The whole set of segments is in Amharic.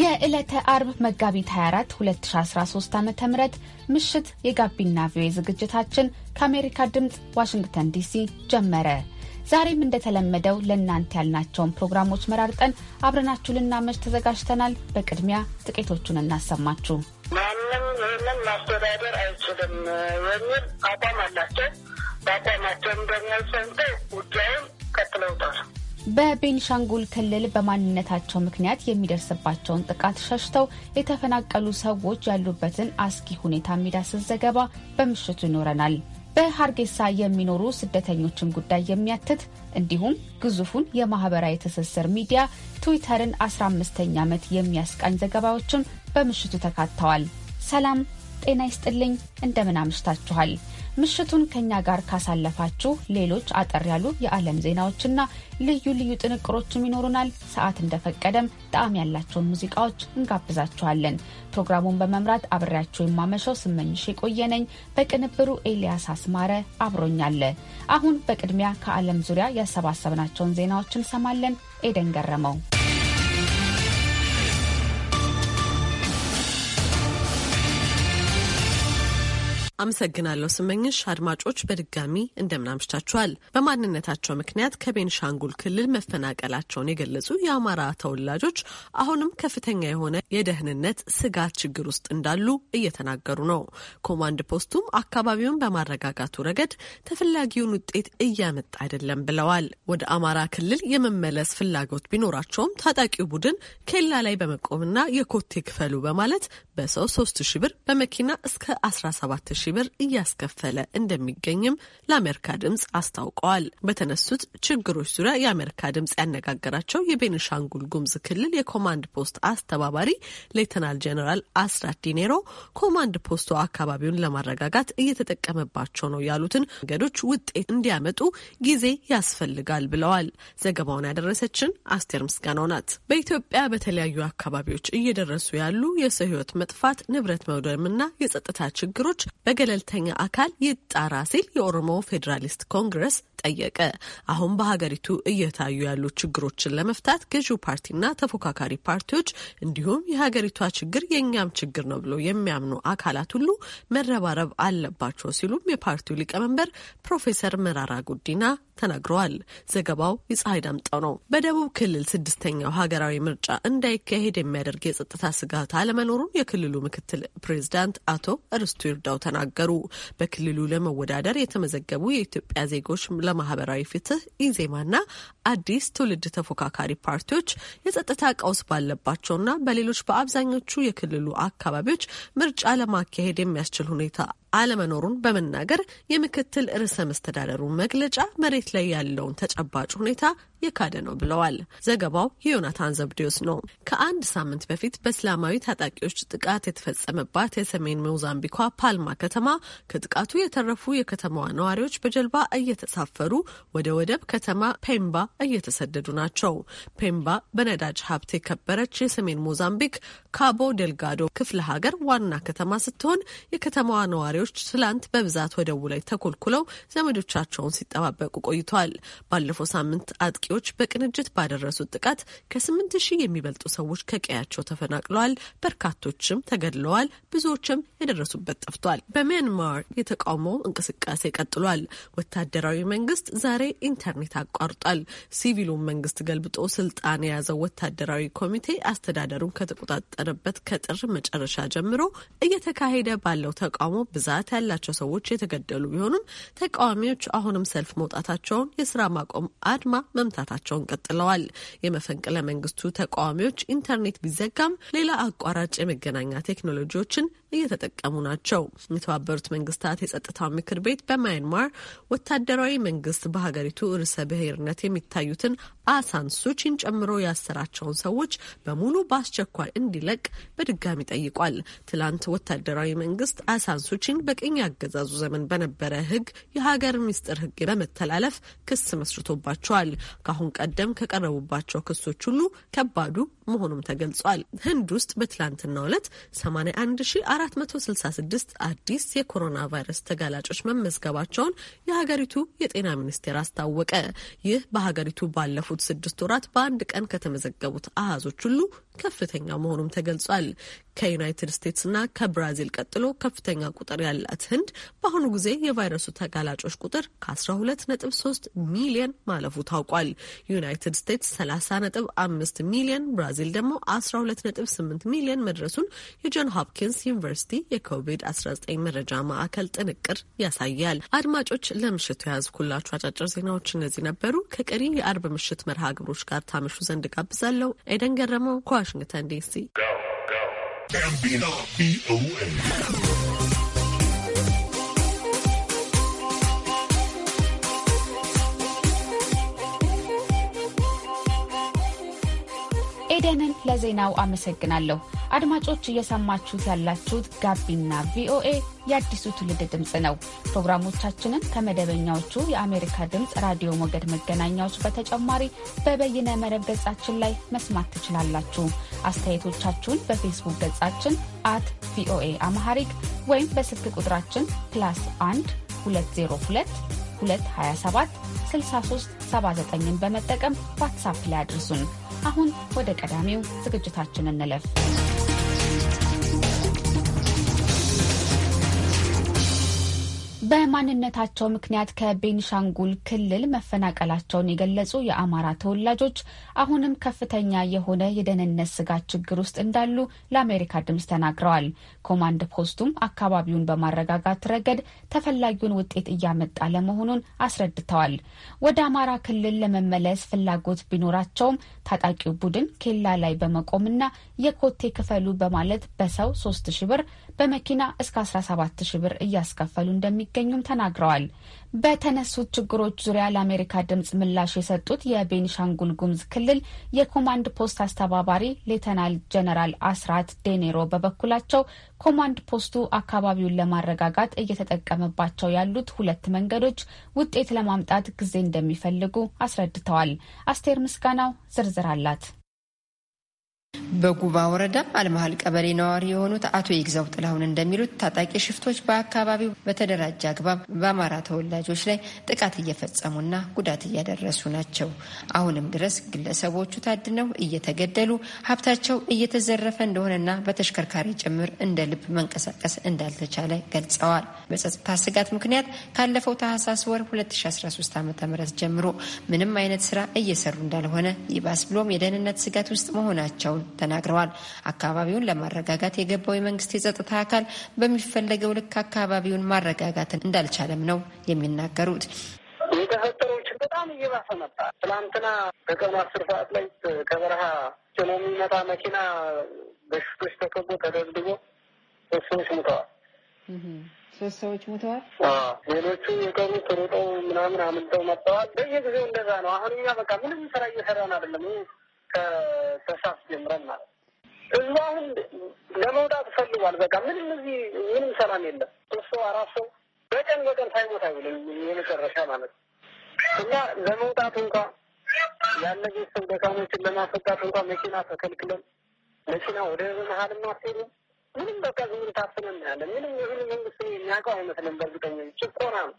የዕለተ አርብ መጋቢት 24 2013 ዓ ም ምሽት የጋቢና ቪዮኤ ዝግጅታችን ከአሜሪካ ድምፅ ዋሽንግተን ዲሲ ጀመረ። ዛሬም እንደተለመደው ለእናንተ ያልናቸውን ፕሮግራሞች መራርጠን አብረናችሁ ልናመሽ ተዘጋጅተናል። በቅድሚያ ጥቂቶቹን እናሰማችሁ። ማንም ይህንን ማስተዳደር አይችልም የሚል አቋም አላቸው። በአቋማቸውም ደግሞ በቤንሻንጉል ክልል በማንነታቸው ምክንያት የሚደርስባቸውን ጥቃት ሸሽተው የተፈናቀሉ ሰዎች ያሉበትን አስጊ ሁኔታ የሚዳስስ ዘገባ በምሽቱ ይኖረናል። በሀርጌሳ የሚኖሩ ስደተኞችን ጉዳይ የሚያትት እንዲሁም ግዙፉን የማህበራዊ ትስስር ሚዲያ ትዊተርን 15ኛ ዓመት የሚያስቃኝ ዘገባዎችም በምሽቱ ተካተዋል። ሰላም ጤና ይስጥልኝ። እንደምን አምሽታችኋል? ምሽቱን ከኛ ጋር ካሳለፋችሁ ሌሎች አጠር ያሉ የዓለም ዜናዎችና ልዩ ልዩ ጥንቅሮችም ይኖሩናል። ሰዓት እንደፈቀደም ጣዕም ያላቸውን ሙዚቃዎች እንጋብዛችኋለን። ፕሮግራሙን በመምራት አብሬያችሁ የማመሸው ስመኝሽ የቆየነኝ በቅንብሩ ኤልያስ አስማረ አብሮኛለ። አሁን በቅድሚያ ከዓለም ዙሪያ ያሰባሰብናቸውን ዜናዎች እንሰማለን። ኤደን ገረመው አመሰግናለሁ ስመኝሽ። አድማጮች በድጋሚ እንደምናምሽታችኋል። በማንነታቸው ምክንያት ከቤንሻንጉል ክልል መፈናቀላቸውን የገለጹ የአማራ ተወላጆች አሁንም ከፍተኛ የሆነ የደህንነት ስጋት ችግር ውስጥ እንዳሉ እየተናገሩ ነው። ኮማንድ ፖስቱም አካባቢውን በማረጋጋቱ ረገድ ተፈላጊውን ውጤት እያመጣ አይደለም ብለዋል። ወደ አማራ ክልል የመመለስ ፍላጎት ቢኖራቸውም ታጣቂው ቡድን ኬላ ላይ በመቆምና የኮቴ ክፈሉ በማለት በሰው 3 ሺ ብር በመኪና እስከ 17 ሺህ ብር እያስከፈለ እንደሚገኝም ለአሜሪካ ድምጽ አስታውቀዋል። በተነሱት ችግሮች ዙሪያ የአሜሪካ ድምጽ ያነጋገራቸው የቤኒሻንጉል ጉሙዝ ክልል የኮማንድ ፖስት አስተባባሪ ሌተናል ጄኔራል አስራት ዲኔሮ ኮማንድ ፖስቱ አካባቢውን ለማረጋጋት እየተጠቀመባቸው ነው ያሉትን መንገዶች ውጤት እንዲያመጡ ጊዜ ያስፈልጋል ብለዋል። ዘገባውን ያደረሰችን አስቴር ምስጋናው ናት። በኢትዮጵያ በተለያዩ አካባቢዎች እየደረሱ ያሉ የሰው ህይወት መጥፋት፣ ንብረት መውደምና የጸጥታ ችግሮች በ በገለልተኛ አካል ይጣራ ሲል የኦሮሞ ፌዴራሊስት ኮንግረስ ጠየቀ። አሁን በሀገሪቱ እየታዩ ያሉ ችግሮችን ለመፍታት ገዢው ፓርቲና ተፎካካሪ ፓርቲዎች እንዲሁም የሀገሪቷ ችግር የእኛም ችግር ነው ብሎ የሚያምኑ አካላት ሁሉ መረባረብ አለባቸው ሲሉም የፓርቲው ሊቀመንበር ፕሮፌሰር መራራ ጉዲና ተናግረዋል። ዘገባው የፀሐይ ዳምጠው ነው። በደቡብ ክልል ስድስተኛው ሀገራዊ ምርጫ እንዳይካሄድ የሚያደርግ የጸጥታ ስጋት አለመኖሩን የክልሉ ምክትል ፕሬዚዳንት አቶ ርስቱ ይርዳው ተናግረዋል። ተናገሩ። በክልሉ ለመወዳደር የተመዘገቡ የኢትዮጵያ ዜጎች ለማህበራዊ ፍትህ ኢዜማና አዲስ ትውልድ ተፎካካሪ ፓርቲዎች የጸጥታ ቀውስ ባለባቸውና በሌሎች በአብዛኞቹ የክልሉ አካባቢዎች ምርጫ ለማካሄድ የሚያስችል ሁኔታ አለመኖሩን በመናገር የምክትል ርዕሰ መስተዳደሩ መግለጫ መሬት ላይ ያለውን ተጨባጭ ሁኔታ የካደ ነው ብለዋል። ዘገባው የዮናታን ዘብዴዎስ ነው። ከአንድ ሳምንት በፊት በእስላማዊ ታጣቂዎች ጥቃት የተፈጸመባት የሰሜን ሞዛምቢኳ ፓልማ ከተማ ከጥቃቱ የተረፉ የከተማዋ ነዋሪዎች በጀልባ እየተሳፈሩ ወደ ወደብ ከተማ ፔምባ እየተሰደዱ ናቸው። ፔምባ በነዳጅ ሀብት የከበረች የሰሜን ሞዛምቢክ ካቦ ደልጋዶ ክፍለ ሀገር ዋና ከተማ ስትሆን የከተማዋ ነዋሪ ነዋሪዎች ትላንት በብዛት ወደ ውላይ ተኮልኩለው ዘመዶቻቸውን ሲጠባበቁ ቆይተዋል። ባለፈው ሳምንት አጥቂዎች በቅንጅት ባደረሱት ጥቃት ከስምንት ሺህ የሚበልጡ ሰዎች ከቀያቸው ተፈናቅለዋል። በርካቶችም ተገድለዋል። ብዙዎችም የደረሱበት ጠፍቷል። በሚያንማር የተቃውሞ እንቅስቃሴ ቀጥሏል። ወታደራዊ መንግስት ዛሬ ኢንተርኔት አቋርጧል። ሲቪሉን መንግስት ገልብጦ ስልጣን የያዘው ወታደራዊ ኮሚቴ አስተዳደሩን ከተቆጣጠረበት ከጥር መጨረሻ ጀምሮ እየተካሄደ ባለው ተቃውሞ ብዛት ብዛት ያላቸው ሰዎች የተገደሉ ቢሆኑም ተቃዋሚዎች አሁንም ሰልፍ መውጣታቸውን፣ የስራ ማቆም አድማ መምታታቸውን ቀጥለዋል። የመፈንቅለ መንግስቱ ተቃዋሚዎች ኢንተርኔት ቢዘጋም ሌላ አቋራጭ የመገናኛ ቴክኖሎጂዎችን እየተጠቀሙ ናቸው። የተባበሩት መንግስታት የጸጥታው ምክር ቤት በማያንማር ወታደራዊ መንግስት በሀገሪቱ ርዕሰ ብሔርነት የሚታዩትን አሳን ሱቺን ጨምሮ ያሰራቸውን ሰዎች በሙሉ በአስቸኳይ እንዲለቅ በድጋሚ ጠይቋል። ትላንት ወታደራዊ መንግስት አሳን ሱቺን በቅኝ አገዛዙ ዘመን በነበረ ህግ የሀገር ሚስጥር ህግ በመተላለፍ ክስ መስርቶባቸዋል። ከአሁን ቀደም ከቀረቡባቸው ክሶች ሁሉ ከባዱ መሆኑም ተገልጿል። ህንድ ውስጥ በትላንትናው ዕለት 81466 አዲስ የኮሮና ቫይረስ ተጋላጮች መመዝገባቸውን የሀገሪቱ የጤና ሚኒስቴር አስታወቀ። ይህ በሀገሪቱ ባለፉት ስድስት ወራት በአንድ ቀን ከተመዘገቡት አሃዞች ሁሉ ከፍተኛ መሆኑም ተገልጿል። ከዩናይትድ ስቴትስና ከብራዚል ቀጥሎ ከፍተኛ ቁጥር ያላት ህንድ በአሁኑ ጊዜ የቫይረሱ ተጋላጮች ቁጥር ከ12.3 ሚሊዮን ማለፉ ታውቋል። ዩናይትድ ስቴትስ 30.5 ሚሊዮን፣ ብራዚል ደግሞ 12.8 ሚሊዮን መድረሱን የጆን ሆፕኪንስ ዩኒቨርሲቲ የኮቪድ-19 መረጃ ማዕከል ጥንቅር ያሳያል። አድማጮች ለምሽቱ የያዝኩላችሁ አጫጭር ዜናዎች እነዚህ ነበሩ። ከቀሪ የአርብ ምሽት መርሃ ግብሮች ጋር ታመሹ ዘንድ ጋብዛለሁ። ኤደን ገረመው ዋሽንግተን ዲሲ ኤደንን ለዜናው አመሰግናለሁ። አድማጮች እየሰማችሁት ያላችሁት ጋቢና ቪኦኤ የአዲሱ ትውልድ ድምፅ ነው። ፕሮግራሞቻችንን ከመደበኛዎቹ የአሜሪካ ድምፅ ራዲዮ ሞገድ መገናኛዎች በተጨማሪ በበይነ መረብ ገጻችን ላይ መስማት ትችላላችሁ። አስተያየቶቻችሁን በፌስቡክ ገጻችን አት ቪኦኤ አማሐሪክ ወይም በስልክ ቁጥራችን ፕላስ 1 202 227 63 79ን በመጠቀም ዋትሳፕ ላይ አድርሱን። አሁን ወደ ቀዳሚው ዝግጅታችን እንለፍ። በማንነታቸው ምክንያት ከቤንሻንጉል ክልል መፈናቀላቸውን የገለጹ የአማራ ተወላጆች አሁንም ከፍተኛ የሆነ የደህንነት ስጋት ችግር ውስጥ እንዳሉ ለአሜሪካ ድምፅ ተናግረዋል። ኮማንድ ፖስቱም አካባቢውን በማረጋጋት ረገድ ተፈላጊውን ውጤት እያመጣ ለመሆኑን አስረድተዋል። ወደ አማራ ክልል ለመመለስ ፍላጎት ቢኖራቸውም ታጣቂው ቡድን ኬላ ላይ በመቆምና የኮቴ ክፈሉ በማለት በሰው ሶስት ሺ ብር በመኪና እስከ 17 ሺ ብር እያስከፈሉ እንደሚገኙም ተናግረዋል። በተነሱት ችግሮች ዙሪያ ለአሜሪካ ድምፅ ምላሽ የሰጡት የቤኒሻንጉል ጉሙዝ ክልል የኮማንድ ፖስት አስተባባሪ ሌተናል ጀነራል አስራት ዴኔሮ በበኩላቸው ኮማንድ ፖስቱ አካባቢውን ለማረጋጋት እየተጠቀመባቸው ያሉት ሁለት መንገዶች ውጤት ለማምጣት ጊዜ እንደሚፈልጉ አስረድተዋል። አስቴር ምስጋናው ዝርዝር አላት። በጉባ ወረዳ አልመሀል ቀበሌ ነዋሪ የሆኑት አቶ ይግዛው ጥላሁን እንደሚሉት ታጣቂ ሽፍቶች በአካባቢው በተደራጀ አግባብ በአማራ ተወላጆች ላይ ጥቃት እየፈጸሙና ጉዳት እያደረሱ ናቸው። አሁንም ድረስ ግለሰቦቹ ታድነው እየተገደሉ ሀብታቸው እየተዘረፈ እንደሆነና በተሽከርካሪ ጭምር እንደ ልብ መንቀሳቀስ እንዳልተቻለ ገልጸዋል። በጸጥታ ስጋት ምክንያት ካለፈው ታህሳስ ወር 2013 ዓ ም ጀምሮ ምንም አይነት ስራ እየሰሩ እንዳልሆነ ይባስ ብሎም የደህንነት ስጋት ውስጥ መሆናቸውን ተናግረዋል። አካባቢውን ለማረጋጋት የገባው የመንግስት የጸጥታ አካል በሚፈለገው ልክ አካባቢውን ማረጋጋትን እንዳልቻለም ነው የሚናገሩት። የተፈጠረው በጣም እየባሰ መጣ። ትናንትና ከቀኑ አስር ሰዓት ላይ ከበረሃ ጭኖ የሚመጣ መኪና በሽቶች ተከቦ ተደርድቦ ሶስት ሰዎች ሙተዋል። ሶስት ሰዎች ሙተዋል። ሌሎቹ የቀሩት ሮጠው ምናምን አምልጠው መጥተዋል። በየጊዜው እንደዛ ነው። አሁን እኛ በቃ ምንም ስራ እየሰራን አይደለም። ከሰሳስ ጀምረን ማለት ህዝቡ አሁን ለመውጣት ፈልጓል። በቃ ምንም እዚህ ምንም ሰላም የለም። ሶስት ሰው አራት ሰው በቀን በቀን ሳይሞት አይውልም የመጨረሻ ማለት ነው እና ለመውጣት እንኳ ያለ ቤተሰብ ደካሞችን ለማስወጣት እንኳ መኪና ተከልክለን መኪና ወደ መሀል ማስሄዱ ምንም በቃ ዝምን ታፍነን ያለ ምንም የሁሉ መንግስት የሚያውቀው አይመስልም። በእርግጠኛ ጭቆና ነው።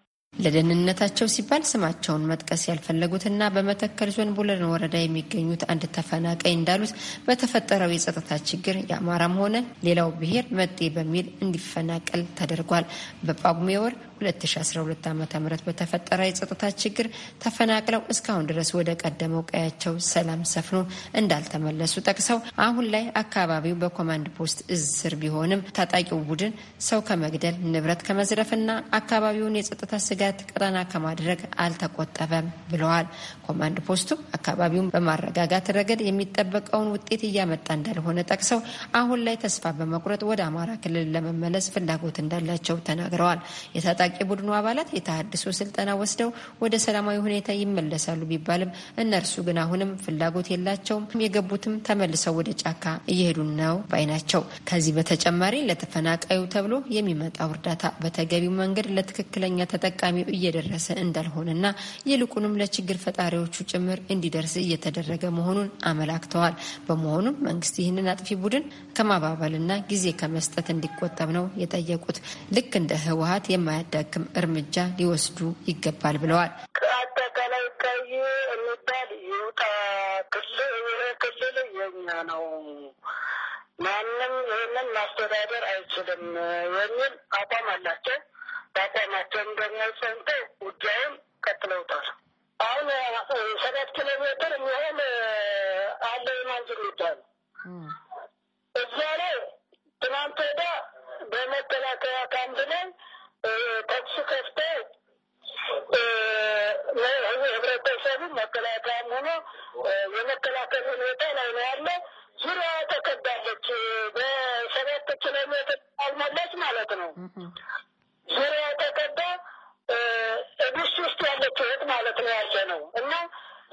ለደህንነታቸው ሲባል ስማቸውን መጥቀስ ያልፈለጉትና በመተከል ዞን ቡለን ወረዳ የሚገኙት አንድ ተፈናቃይ እንዳሉት በተፈጠረው የጸጥታ ችግር የአማራም ሆነ ሌላው ብሔር መጤ በሚል እንዲፈናቀል ተደርጓል። በጳጉሜ ወር 2012 ዓ ም በተፈጠረ የጸጥታ ችግር ተፈናቅለው እስካሁን ድረስ ወደ ቀደመው ቀያቸው ሰላም ሰፍኖ እንዳልተመለሱ ጠቅሰው አሁን ላይ አካባቢው በኮማንድ ፖስት እዝ ስር ቢሆንም ታጣቂው ቡድን ሰው ከመግደል ንብረት ከመዝረፍና አካባቢውን የጸጥታ ስጋት ቀጠና ከማድረግ አልተቆጠበም ብለዋል። ኮማንድ ፖስቱ አካባቢውን በማረጋጋት ረገድ የሚጠበቀውን ውጤት እያመጣ እንዳልሆነ ጠቅሰው አሁን ላይ ተስፋ በመቁረጥ ወደ አማራ ክልል ለመመለስ ፍላጎት እንዳላቸው ተናግረዋል። ታጣቂ ቡድኑ አባላት የተሃድሶ ስልጠና ወስደው ወደ ሰላማዊ ሁኔታ ይመለሳሉ ቢባልም እነርሱ ግን አሁንም ፍላጎት የላቸውም። የገቡትም ተመልሰው ወደ ጫካ እየሄዱ ነው ባይ ናቸው። ከዚህ በተጨማሪ ለተፈናቃዩ ተብሎ የሚመጣው እርዳታ በተገቢው መንገድ ለትክክለኛ ተጠቃሚው እየደረሰ እንዳልሆነና ይልቁንም ለችግር ፈጣሪዎቹ ጭምር እንዲደርስ እየተደረገ መሆኑን አመላክተዋል። በመሆኑም መንግስት ይህንን አጥፊ ቡድን ከማባበልና ጊዜ ከመስጠት እንዲቆጠብ ነው የጠየቁት። ልክ እንደ ህወሀት የማያደ የሚያዳግም እርምጃ ሊወስዱ ይገባል ብለዋል። ከአጠቃላይ ቀይ የሚባል ይውጣ። ክልል የኛ ነው፣ ማንም ይህንን ማስተዳደር አይችልም የሚል አቋም አላቸው። በአቋማቸውም ደግሞ ሰንተ ጉዳዩን ቀጥለውታል። አሁን ሰባት ኪሎ ሜትር የሚሆን አለ የማንዝ የሚባል እዛ ላይ ትናንት ወዳ በመከላከያ ካምፕ ላይ ተኩሱ ከፍተው ህብረተሰቡ መከላከያም ሆኖ የመከላከል ሁኔታ ላይ ነው ያለ። ዙሪያ ተከባለች። በሰባት ኪሎ ሜትር አልመለስ ማለት ነው። ዙሪያ ተከባ እዱስ ውስጥ ያለች እህት ማለት ነው ያለ ነው እና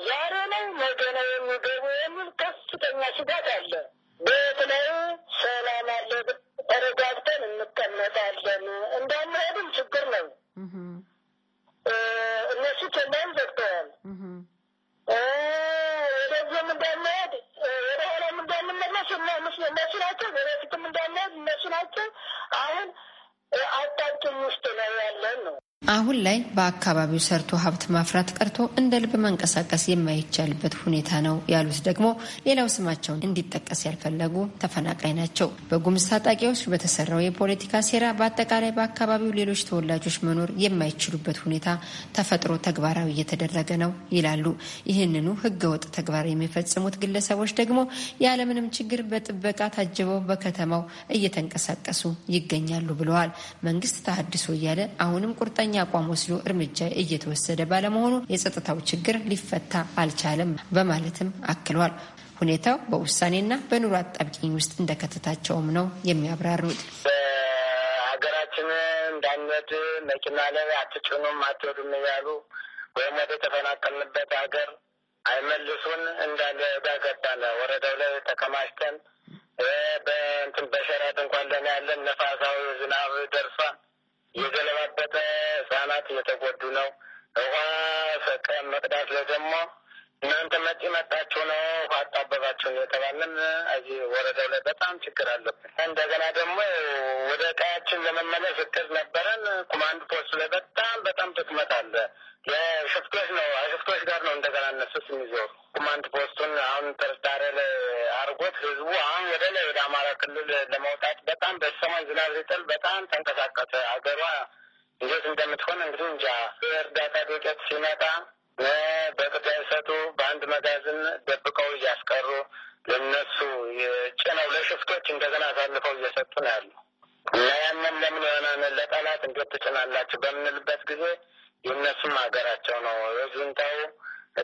ዛሬ ነው ነገ ነው የሚገቡ የሚል ከፍተኛ ስጋት አሁን ላይ በአካባቢው ሰርቶ ሀብት ማፍራት ቀርቶ እንደ ልብ መንቀሳቀስ የማይቻልበት ሁኔታ ነው ያሉት ደግሞ ሌላው ስማቸውን እንዲጠቀስ ያልፈለጉ ተፈናቃይ ናቸው። በጉምዝ ታጣቂዎች በተሰራው የፖለቲካ ሴራ በአጠቃላይ በአካባቢው ሌሎች ተወላጆች መኖር የማይችሉበት ሁኔታ ተፈጥሮ ተግባራዊ እየተደረገ ነው ይላሉ። ይህንኑ ህገወጥ ተግባር የሚፈጽሙት ግለሰቦች ደግሞ ያለምንም ችግር በጥበቃ ታጅበው በከተማው እየተንቀሳቀሱ ይገኛሉ ብለዋል። መንግስት ተሀድሶ እያለ አሁንም ቁርጠኛ አቋም ወስዶ እርምጃ እየተወሰደ ባለመሆኑ የጸጥታው ችግር ሊፈታ አልቻለም በማለትም አክሏል። ሁኔታው በውሳኔና በኑሮ አጣብቂኝ ውስጥ እንደከተታቸውም ነው የሚያብራሩት። በሀገራችን እንዳንሄድ መኪና ላይ አትጭኑም፣ አትወዱም እያሉ ወይም ወደ ተፈናቀልንበት ሀገር አይመልሱን እንዳለ ዳገባለ ወረዳው ላይ ተከማችተን በእንትን በሸራ ድንኳን ለና ያለን ነፋሳዊ ዝናብ ደርሷል። የገለባበጠ ህጻናት እየተጎዱ ነው። ውሃ ሰቀ መቅዳት ላይ ደግሞ እናንተ መጪ መጣችሁ ነው ውሃ አጣበባችሁ እየተባለን እዚህ ወረዳው ላይ በጣም ችግር አለብን። እንደገና ደግሞ ወደ ቀያችን ለመመለስ እቅድ ነበረን። ኮማንድ ፖስት ላይ በጣም በጣም ድክመት አለ። የሽፍቶች ነው ሽፍቶች ጋር ነው እንደገና እነሱስ የሚዞሩ ኮማንድ ፖስቱን አሁን ጥርጣሬ ላይ ፍላጎት ህዝቡ አሁን ወደ ላይ ወደ አማራ ክልል ለመውጣት በጣም በሰሞን ዝናብ ሲጥል በጣም ተንቀሳቀሰ። አገሯ እንዴት እንደምትሆን እንግዲህ እንጃ። እርዳታ ዱቄት ሲመጣ በቅጥ አይሰጡ በአንድ መጋዘን ደብቀው እያስቀሩ ለነሱ የጭነው ለሽፍቶች እንደገና አሳልፈው እየሰጡ ነው ያሉ እና ያንን ለምን የሆነ ለጠላት እንዴት ትጭናላችሁ በምንልበት ጊዜ የእነሱም ሀገራቸው ነው ዙንታው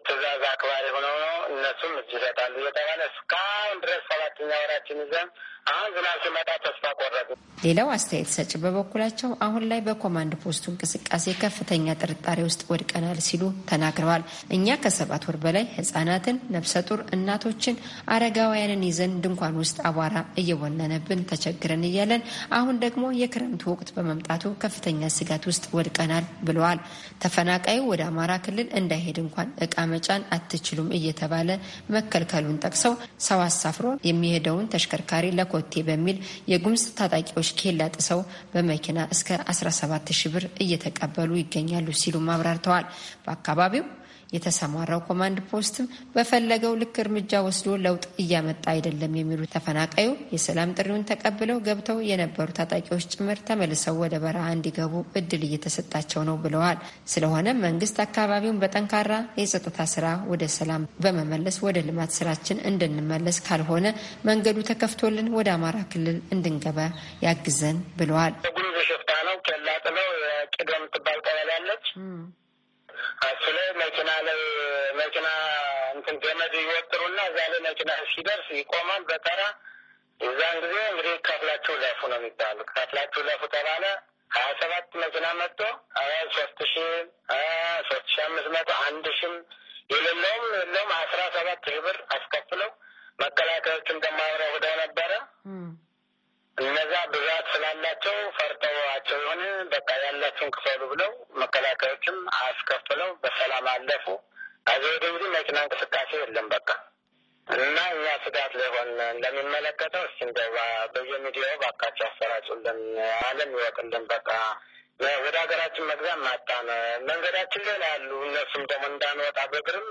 ትእዛዝ አክባሪ ሆኖ እነሱም እጅ ይሰጣሉ እየተባለ እስካሁን ድረስ ሰባተኛ ወራችን ይዘን አሁን ዝናብ ሲመጣ ተስፋ ቆረጡ። ሌላው አስተያየት ሰጭ በበኩላቸው አሁን ላይ በኮማንድ ፖስቱ እንቅስቃሴ ከፍተኛ ጥርጣሬ ውስጥ ወድቀናል ሲሉ ተናግረዋል። እኛ ከሰባት ወር በላይ ህጻናትን፣ ነፍሰ ጡር እናቶችን፣ አረጋውያንን ይዘን ድንኳን ውስጥ አቧራ እየቦነነብን ተቸግረን እያለን አሁን ደግሞ የክረምቱ ወቅት በመምጣቱ ከፍተኛ ስጋት ውስጥ ወድቀናል ብለዋል። ተፈናቃዩ ወደ አማራ ክልል እንዳይሄድ እንኳን እቃ መጫን አትችሉም እየተባለ መከልከሉን ጠቅሰው ሰው አሳፍሮ የሚሄደውን ተሽከርካሪ ለኮቴ በሚል የጉምዝ ታጣቂዎች ኬላ ጥሰው በመኪና እስከ 17 ሺ ብር እየተቀበሉ ይገኛሉ ሲሉም አብራርተዋል። በአካባቢው የተሰማራው ኮማንድ ፖስትም በፈለገው ልክ እርምጃ ወስዶ ለውጥ እያመጣ አይደለም የሚሉ ተፈናቃዩ የሰላም ጥሪውን ተቀብለው ገብተው የነበሩ ታጣቂዎች ጭምር ተመልሰው ወደ በረሃ እንዲገቡ እድል እየተሰጣቸው ነው ብለዋል። ስለሆነ መንግስት አካባቢውን በጠንካራ የጸጥታ ስራ ወደ ሰላም በመመለስ ወደ ልማት ስራችን እንድንመለስ ካልሆነ መንገዱ ተከፍቶልን ወደ አማራ ክልል እንድንገባ ያግዘን ብለዋል። ጉሩዝ ሽፍታ ነው ኬላ ጥለው ቅደም ትባል ቀበሌ አለች እሱ መኪና ላይ መኪና እንትን ገመድ ይወጥሩና እዛ ላይ መኪና ሲደርስ ይቆማል በተራ እዛን ጊዜ እንግዲህ ከፍላችሁ ለፉ ነው የሚባሉ ከፍላችሁ ለፉ ተባለ ሀያ ሰባት መኪና መጥቶ ሀያ ሶስት ሺ ሶስት ሺ አምስት መቶ አንድ ሺም የሌለውም የለውም አስራ ሰባት ሺ ብር አስከፍለው መከላከያዎችን ደማረ ሁደው ነበረ ብዛት ስላላቸው ፈርጠዋቸው የሆነ በቃ ያላቸውን ክፈሉ ብለው መከላከያዎችም አስከፍለው በሰላም አለፉ። ከዚህ ወደ መኪና እንቅስቃሴ የለም በቃ እና እኛ ስጋት ላይሆን እንደሚመለከተው እስኪ እንደው በየሚዲያው ባካቸው አሰራጩልን፣ አለም ይወቅልን። በቃ ወደ ሀገራችን መግዛም ማጣን መንገዳችን ላይ ያሉ እነሱም ደግሞ እንዳንወጣ በእግርም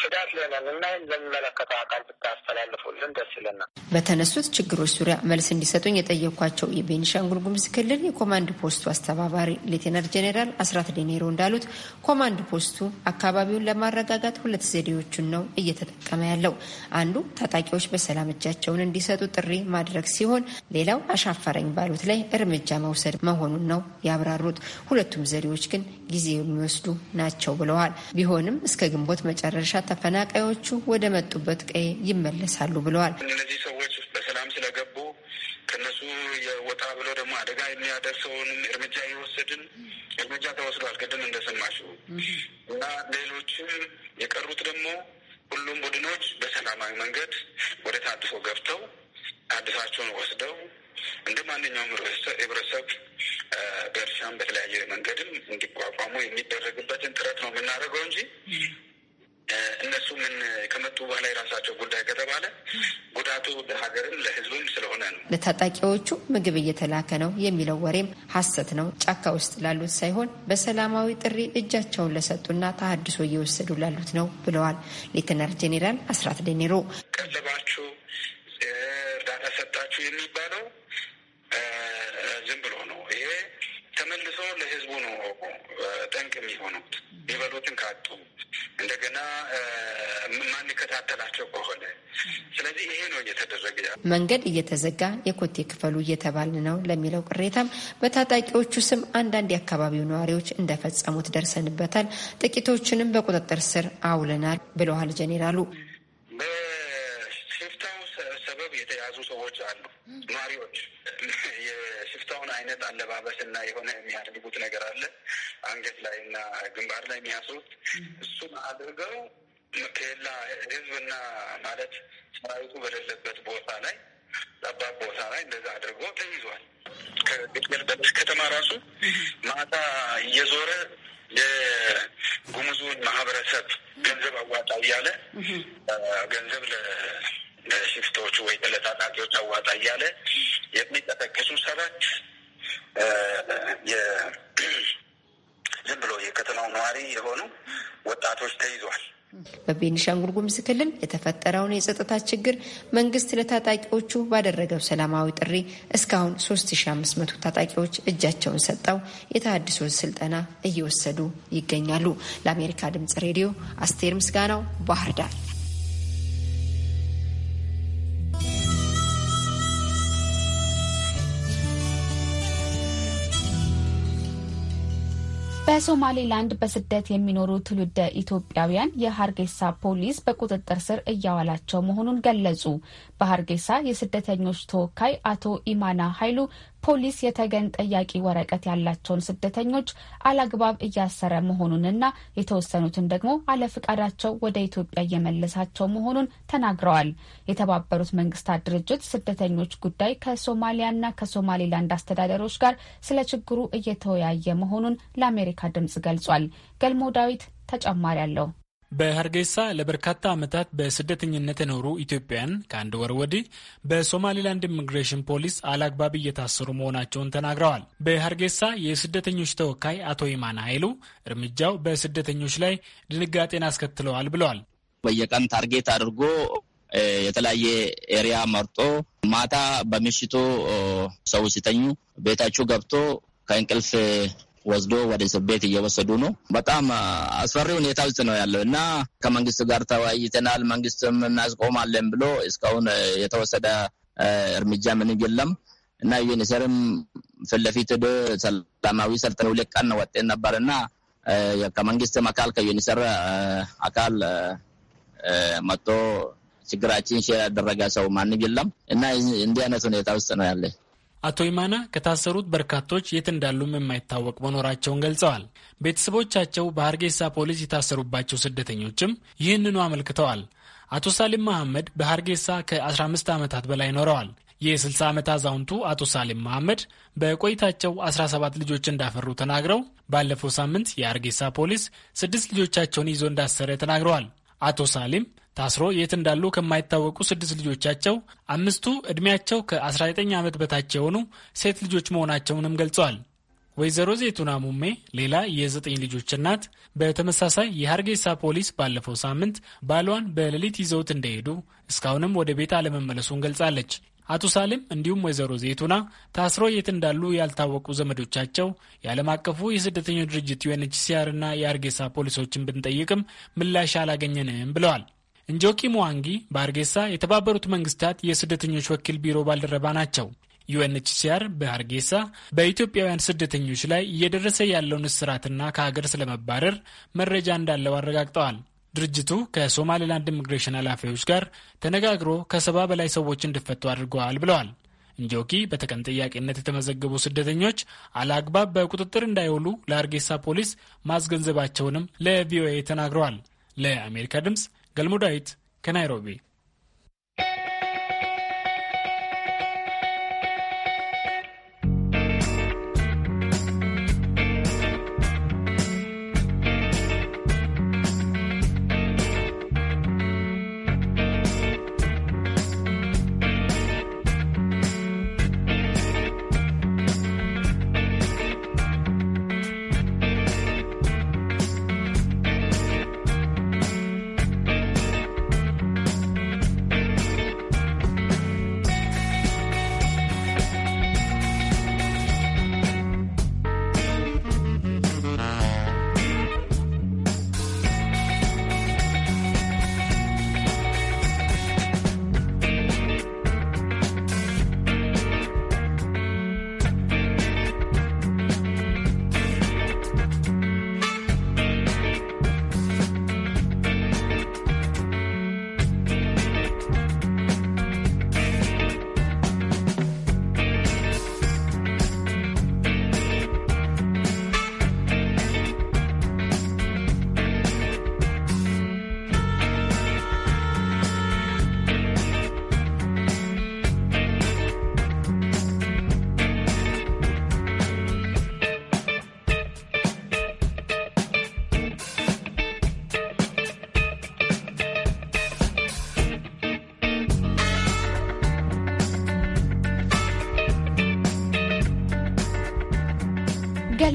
ስጋት ለነን እና ለሚመለከተው አካል ብታስተላልፉልን ደስ ይለናል። በተነሱት ችግሮች ዙሪያ መልስ እንዲሰጡኝ የጠየኳቸው የቤኒሻንጉል ጉምዝ ክልል የኮማንድ ፖስቱ አስተባባሪ ሌቴነር ጄኔራል አስራት ዴኔሮ እንዳሉት ኮማንድ ፖስቱ አካባቢውን ለማረጋጋት ሁለት ዘዴዎችን ነው እየተጠቀመ ያለው። አንዱ ታጣቂዎች በሰላም እጃቸውን እንዲሰጡ ጥሪ ማድረግ ሲሆን፣ ሌላው አሻፈረኝ ባሉት ላይ እርምጃ መውሰድ መሆኑን ነው ያብራሩት። ሁለቱም ዘዴዎች ግን ጊዜ የሚወስዱ ናቸው ብለዋል። ቢሆንም እስከ ግንቦት መጨረሻ ተፈናቃዮቹ ወደ መጡበት ቀዬ ይመለሳሉ ብለዋል። እነዚህ ሰዎች በሰላም ስለገቡ ከነሱ የወጣ ብሎ ደግሞ አደጋ የሚያደርሰውን እርምጃ የወሰድን እርምጃ ተወስዷል። ቅድም እንደሰማችሁ እና ሌሎችም የቀሩት ደግሞ ሁሉም ቡድኖች በሰላማዊ መንገድ ወደ ታድሶ ገብተው ታድሳቸውን ወስደው እንደ ማንኛውም ህብረተሰብ በእርሻም በተለያየ መንገድም እንዲቋቋሙ የሚደረግበትን ጥረት ነው የምናደርገው እንጂ እነሱ ምን ከመጡ በኋላ የራሳቸው ጉዳይ ከተባለ ጉዳቱ ለሀገርም ለህዝብም ስለሆነ ነው። ለታጣቂዎቹ ምግብ እየተላከ ነው የሚለው ወሬም ሀሰት ነው። ጫካ ውስጥ ላሉት ሳይሆን በሰላማዊ ጥሪ እጃቸውን ለሰጡና ተሀድሶ እየወሰዱ ላሉት ነው ብለዋል ሌተናል ጄኔራል አስራት ደኔሮ ቀለባችሁ ሰጣችሁ የሚባለው ዝም ብሎ ነው። ይሄ ተመልሶ ለህዝቡ ነው ጠንቅ የሚሆኑት። የሚበሉትን ካጡ እንደገና ማንከታተላቸው ከሆነ ስለዚህ ይሄ ነው እየተደረገ መንገድ እየተዘጋ የኮቴ ክፈሉ እየተባል ነው ለሚለው ቅሬታም በታጣቂዎቹ ስም አንዳንድ የአካባቢው ነዋሪዎች እንደፈጸሙት ደርሰንበታል፣ ጥቂቶችንም በቁጥጥር ስር አውለናል ብለዋል ጄኔራሉ። ይኖራሉ። ነዋሪዎች የሽፍታውን አይነት አለባበስ እና የሆነ የሚያድጉት ነገር አለ አንገት ላይ እና ግንባር ላይ የሚያስሩት እሱን አድርገው ከሌላ ህዝብና ማለት ሰራዊቱ በሌለበት ቦታ ላይ ጠባብ ቦታ ላይ እንደዛ አድርጎ ተይዟል። ከግልገልበለስ ከተማ ራሱ ማታ እየዞረ የጉሙዙን ማህበረሰብ ገንዘብ አዋጣ እያለ ገንዘብ ለሽፍቶቹ ወይ ለታጣቂዎች አዋጣ እያለ የሚጠቀሱ ሰባት ዝም ብሎ የከተማው ነዋሪ የሆኑ ወጣቶች ተይዟል። በቤኒሻንጉል ጉምዝ ክልል የተፈጠረውን የጸጥታ ችግር መንግስት ለታጣቂዎቹ ባደረገው ሰላማዊ ጥሪ እስካሁን 3500 ታጣቂዎች እጃቸውን ሰጠው የተሃድሶ ስልጠና እየወሰዱ ይገኛሉ። ለአሜሪካ ድምጽ ሬዲዮ አስቴር ምስጋናው ባህር ዳር። በሶማሌላንድ በስደት የሚኖሩ ትውልደ ኢትዮጵያውያን የሀርጌሳ ፖሊስ በቁጥጥር ስር እያዋላቸው መሆኑን ገለጹ። በሀርጌሳ የስደተኞች ተወካይ አቶ ኢማና ኃይሉ ፖሊስ የተገን ጠያቂ ወረቀት ያላቸውን ስደተኞች አላግባብ እያሰረ መሆኑንና የተወሰኑትን ደግሞ አለፍቃዳቸው ወደ ኢትዮጵያ እየመለሳቸው መሆኑን ተናግረዋል። የተባበሩት መንግስታት ድርጅት ስደተኞች ጉዳይ ከሶማሊያና ከሶማሌላንድ አስተዳደሮች ጋር ስለ ችግሩ እየተወያየ መሆኑን ለአሜሪካ ድምጽ ገልጿል። ገልሞ ዳዊት ተጨማሪ አለው። በሀርጌሳ ለበርካታ ዓመታት በስደተኝነት የኖሩ ኢትዮጵያውያን ከአንድ ወር ወዲህ በሶማሌላንድ ኢሚግሬሽን ፖሊስ አላግባብ እየታሰሩ መሆናቸውን ተናግረዋል። በሀርጌሳ የስደተኞች ተወካይ አቶ ይማና ኃይሉ እርምጃው በስደተኞች ላይ ድንጋጤን አስከትለዋል ብለዋል። በየቀን ታርጌት አድርጎ የተለያየ ኤሪያ መርጦ ማታ በምሽቱ ሰው ሲተኙ ቤታችሁ ገብቶ ከእንቅልፍ ወስዶ ወደ እስር ቤት እየወሰዱ ነው። በጣም አስፈሪ ሁኔታ ውስጥ ነው ያለው እና ከመንግስት ጋር ተወያይተናል። መንግስትም እናስቆማለን ብሎ እስካሁን የተወሰደ እርምጃ ምን የለም እና ዩኒሴርም ፊት ለፊት ዶ ሰላማዊ ሰልጥነው ሁለት ነው ወጤን ነበር እና ከመንግስትም አካል ከዩኒሴር አካል መጥቶ ችግራችን ሼር ያደረገ ሰው ማንም የለም እና እንዲህ አይነት ሁኔታ ውስጥ ነው ያለ። አቶ ይማና ከታሰሩት በርካቶች የት እንዳሉም የማይታወቅ መኖራቸውን ገልጸዋል። ቤተሰቦቻቸው በሀርጌሳ ፖሊስ የታሰሩባቸው ስደተኞችም ይህንኑ አመልክተዋል። አቶ ሳሊም መሐመድ በሀርጌሳ ከ15 ዓመታት በላይ ኖረዋል። የ60 ዓመት አዛውንቱ አቶ ሳሊም መሐመድ በቆይታቸው 17 ልጆች እንዳፈሩ ተናግረው ባለፈው ሳምንት የሀርጌሳ ፖሊስ ስድስት ልጆቻቸውን ይዞ እንዳሰረ ተናግረዋል። አቶ ሳሊም ታስሮ የት እንዳሉ ከማይታወቁ ስድስት ልጆቻቸው አምስቱ ዕድሜያቸው ከ19 ዓመት በታች የሆኑ ሴት ልጆች መሆናቸውንም ገልጸዋል። ወይዘሮ ዜቱና ሙሜ ሌላ የዘጠኝ ልጆች እናት በተመሳሳይ የሀርጌሳ ፖሊስ ባለፈው ሳምንት ባሏን በሌሊት ይዘውት እንደሄዱ እስካሁንም ወደ ቤት አለመመለሱን ገልጻለች። አቶ ሳሌም እንዲሁም ወይዘሮ ዜቱና ታስሮ የት እንዳሉ ያልታወቁ ዘመዶቻቸው የዓለም አቀፉ የስደተኞች ድርጅት ዩኤንኤችሲአር እና የሀርጌሳ ፖሊሶችን ብንጠይቅም ምላሽ አላገኘንም ብለዋል። እንጆኪ ሙዋንጊ በአርጌሳ የተባበሩት መንግስታት የስደተኞች ወኪል ቢሮ ባልደረባ ናቸው። ዩኤንኤችሲአር በአርጌሳ በኢትዮጵያውያን ስደተኞች ላይ እየደረሰ ያለውን እስራትና ከሀገር ስለመባረር መረጃ እንዳለው አረጋግጠዋል። ድርጅቱ ከሶማሌላንድ ኢሚግሬሽን ኃላፊዎች ጋር ተነጋግሮ ከሰባ በላይ ሰዎች እንዲፈቱ አድርገዋል ብለዋል። እንጆኪ በተቀን ጥያቄነት የተመዘገቡ ስደተኞች አለአግባብ በቁጥጥር እንዳይውሉ ለአርጌሳ ፖሊስ ማስገንዘባቸውንም ለቪኦኤ ተናግረዋል። ለአሜሪካ ድምፅ ገልሞ ዳዊት ከናይሮቢ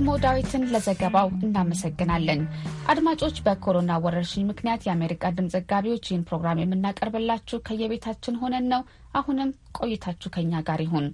ገልሞ ዳዊትን ለዘገባው እናመሰግናለን። አድማጮች፣ በኮሮና ወረርሽኝ ምክንያት የአሜሪካ ድምፅ ዘጋቢዎች ይህን ፕሮግራም የምናቀርብላችሁ ከየቤታችን ሆነን ነው። አሁንም ቆይታችሁ ከኛ ጋር ይሁን።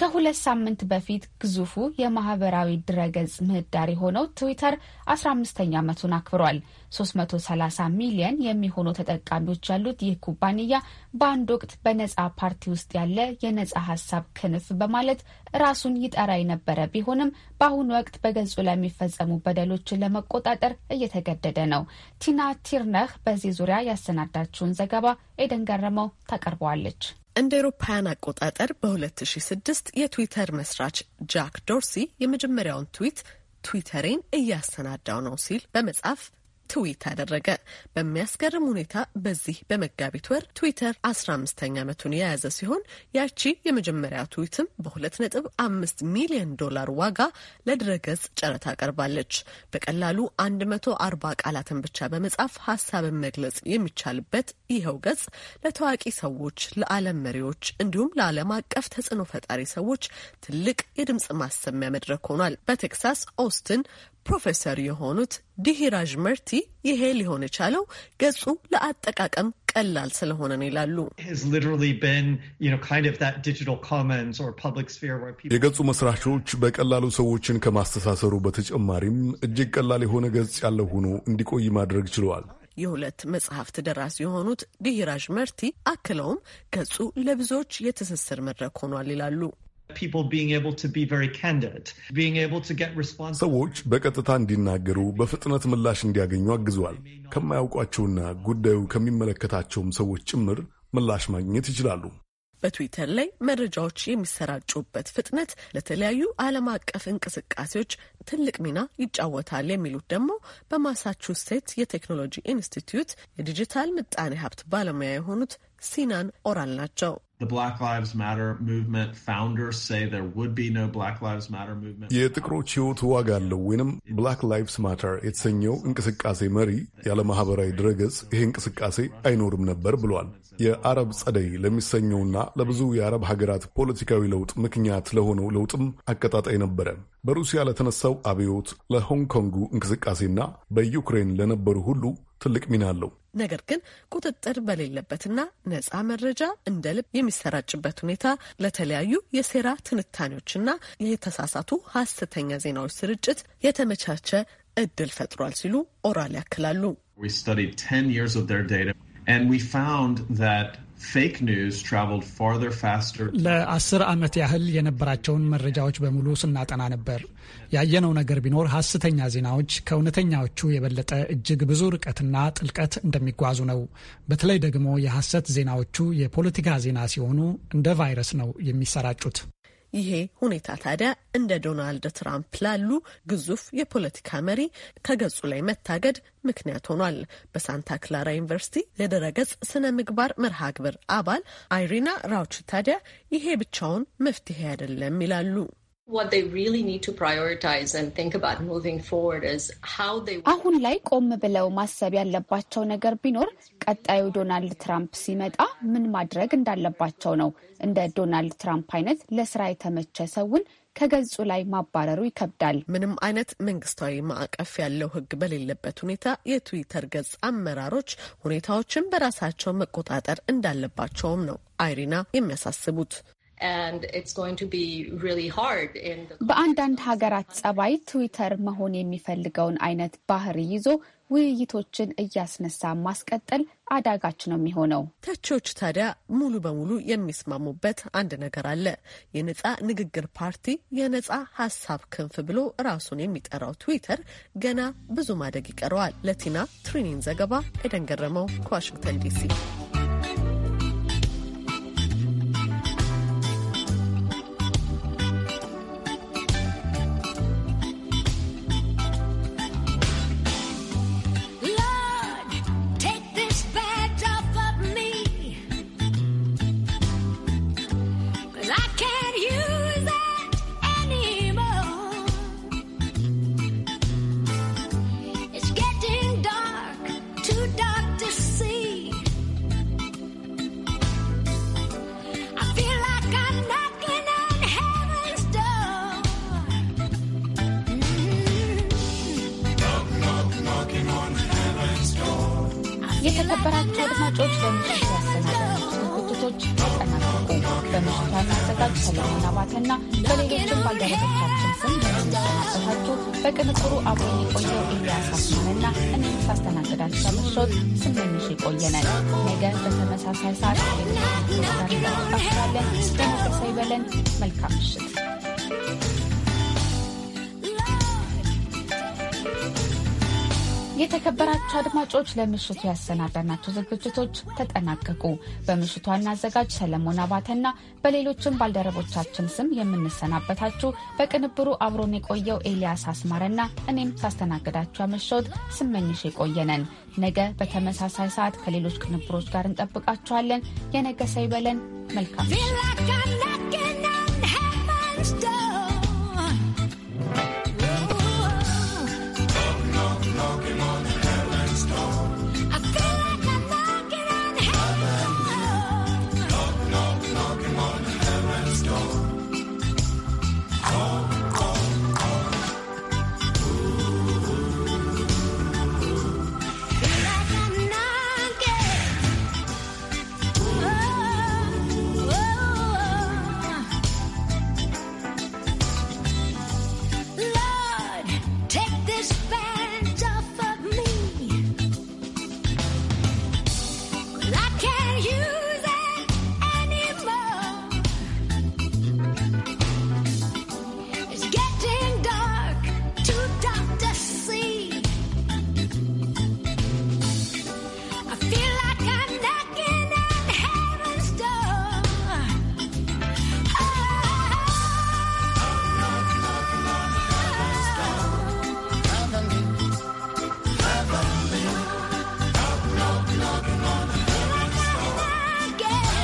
ከሁለት ሳምንት በፊት ግዙፉ የማህበራዊ ድረገጽ ምህዳር የሆነው ትዊተር 15ኛ ዓመቱን አክብሯል። 330 ሚሊየን የሚሆኑ ተጠቃሚዎች ያሉት ይህ ኩባንያ በአንድ ወቅት በነጻ ፓርቲ ውስጥ ያለ የነጻ ሀሳብ ክንፍ በማለት ራሱን ይጠራ የነበረ ቢሆንም በአሁኑ ወቅት በገጹ ላይ የሚፈጸሙ በደሎችን ለመቆጣጠር እየተገደደ ነው። ቲና ቲርነህ በዚህ ዙሪያ ያሰናዳችውን ዘገባ ኤደን ገረመው ታቀርበዋለች። እንደ ኤሮፓያን አቆጣጠር በ2006 የትዊተር መስራች ጃክ ዶርሲ የመጀመሪያውን ትዊት ትዊተሬን እያሰናዳው ነው ሲል በመጻፍ ትዊት አደረገ። በሚያስገርም ሁኔታ በዚህ በመጋቢት ወር ትዊተር አስራ አምስተኛ ዓመቱን የያዘ ሲሆን ያቺ የመጀመሪያ ትዊትም በሁለት ነጥብ አምስት ሚሊዮን ዶላር ዋጋ ለድረገጽ ጨረታ ቀርባለች። በቀላሉ አንድ መቶ አርባ ቃላትን ብቻ በመጻፍ ሀሳብን መግለጽ የሚቻልበት ይኸው ገጽ ለታዋቂ ሰዎች፣ ለዓለም መሪዎች እንዲሁም ለዓለም አቀፍ ተጽዕኖ ፈጣሪ ሰዎች ትልቅ የድምጽ ማሰሚያ መድረክ ሆኗል። በቴክሳስ ኦስትን ፕሮፌሰር የሆኑት ዲሂራዥ መርቲ ይሄ ሊሆን የቻለው ገጹ ለአጠቃቀም ቀላል ስለሆነ ነው ይላሉ። የገጹ መስራቾች በቀላሉ ሰዎችን ከማስተሳሰሩ በተጨማሪም እጅግ ቀላል የሆነ ገጽ ያለው ሆኖ እንዲቆይ ማድረግ ችለዋል። የሁለት መጽሐፍት ደራሲ የሆኑት ዲሂራዥ መርቲ አክለውም ገጹ ለብዙዎች የትስስር መድረክ ሆኗል ይላሉ። ሰዎች በቀጥታ እንዲናገሩ በፍጥነት ምላሽ እንዲያገኙ አግዟል። ከማያውቋቸውና ጉዳዩ ከሚመለከታቸውም ሰዎች ጭምር ምላሽ ማግኘት ይችላሉ። በትዊተር ላይ መረጃዎች የሚሰራጩበት ፍጥነት ለተለያዩ ዓለም አቀፍ እንቅስቃሴዎች ትልቅ ሚና ይጫወታል የሚሉት ደግሞ በማሳቹሴት የቴክኖሎጂ ኢንስቲትዩት የዲጂታል ምጣኔ ሀብት ባለሙያ የሆኑት ሲናን ኦራል ናቸው። የጥቁሮች ሕይወት ዋጋ አለው ወይንም ብላክ ላይቭስ ማተር የተሰኘው እንቅስቃሴ መሪ ያለ ማህበራዊ ድረገጽ ይሄ እንቅስቃሴ አይኖርም ነበር ብሏል። የአረብ ጸደይ ለሚሰኘውና ለብዙ የአረብ ሀገራት ፖለቲካዊ ለውጥ ምክንያት ለሆነው ለውጥም አቀጣጣይ ነበረ። በሩሲያ ለተነሳው አብዮት፣ ለሆንግ ኮንጉ እንቅስቃሴና በዩክሬን ለነበሩ ሁሉ ትልቅ ሚና አለው። ነገር ግን ቁጥጥር በሌለበትና ነጻ መረጃ እንደ ልብ የሚሰራጭበት ሁኔታ ለተለያዩ የሴራ ትንታኔዎችና የተሳሳቱ ሀሰተኛ ዜናዎች ስርጭት የተመቻቸ እድል ፈጥሯል ሲሉ ኦራል ያክላሉ። ለአስር ዓመት ያህል የነበራቸውን መረጃዎች በሙሉ ስናጠና ነበር። ያየነው ነገር ቢኖር ሐሰተኛ ዜናዎች ከእውነተኛዎቹ የበለጠ እጅግ ብዙ ርቀትና ጥልቀት እንደሚጓዙ ነው። በተለይ ደግሞ የሐሰት ዜናዎቹ የፖለቲካ ዜና ሲሆኑ እንደ ቫይረስ ነው የሚሰራጩት። ይሄ ሁኔታ ታዲያ እንደ ዶናልድ ትራምፕ ላሉ ግዙፍ የፖለቲካ መሪ ከገጹ ላይ መታገድ ምክንያት ሆኗል። በሳንታ ክላራ ዩኒቨርሲቲ የድረገጽ ስነ ምግባር መርሃ ግብር አባል አይሪና ራውች ታዲያ ይሄ ብቻውን መፍትሄ አይደለም ይላሉ። አሁን ላይ ቆም ብለው ማሰብ ያለባቸው ነገር ቢኖር ቀጣዩ ዶናልድ ትራምፕ ሲመጣ ምን ማድረግ እንዳለባቸው ነው። እንደ ዶናልድ ትራምፕ አይነት ለስራ የተመቸ ሰውን ከገጹ ላይ ማባረሩ ይከብዳል። ምንም አይነት መንግስታዊ ማዕቀፍ ያለው ሕግ በሌለበት ሁኔታ የትዊተር ገጽ አመራሮች ሁኔታዎችን በራሳቸው መቆጣጠር እንዳለባቸውም ነው አይሪና የሚያሳስቡት። በአንዳንድ ሀገራት ጸባይ ትዊተር መሆን የሚፈልገውን አይነት ባህሪ ይዞ ውይይቶችን እያስነሳ ማስቀጠል አዳጋች ነው የሚሆነው። ተቺዎች ታዲያ ሙሉ በሙሉ የሚስማሙበት አንድ ነገር አለ። የነጻ ንግግር ፓርቲ የነጻ ሀሳብ ክንፍ ብሎ ራሱን የሚጠራው ትዊተር ገና ብዙ ማደግ ይቀረዋል። ለቲና ትሪኒን ዘገባ ኤደን ገረመው ከዋሽንግተን ዲሲ አብሮን የቆየው ኤልያስ አስማንና እኔም ሳስተናግዳችሁ ከምሽት ስመኝሽ የቆየነን ነገ በተመሳሳይ ሰዓት ሌሎች መልካም ምሽት። የተከበራቸው አድማጮች ለምሽቱ ያሰናዳናቸው ዝግጅቶች ተጠናቀቁ። በምሽቱ ዋና አዘጋጅ ሰለሞን አባተና በሌሎችም ባልደረቦቻችን ስም የምንሰናበታችሁ በቅንብሩ አብሮን የቆየው ኤልያስ አስማረና እኔም ሳስተናግዳችሁ ያመሸሁት ስመኝሽ የቆየነን። ነገ በተመሳሳይ ሰዓት ከሌሎች ቅንብሮች ጋር እንጠብቃችኋለን። የነገ ሰው ይበለን። መልካም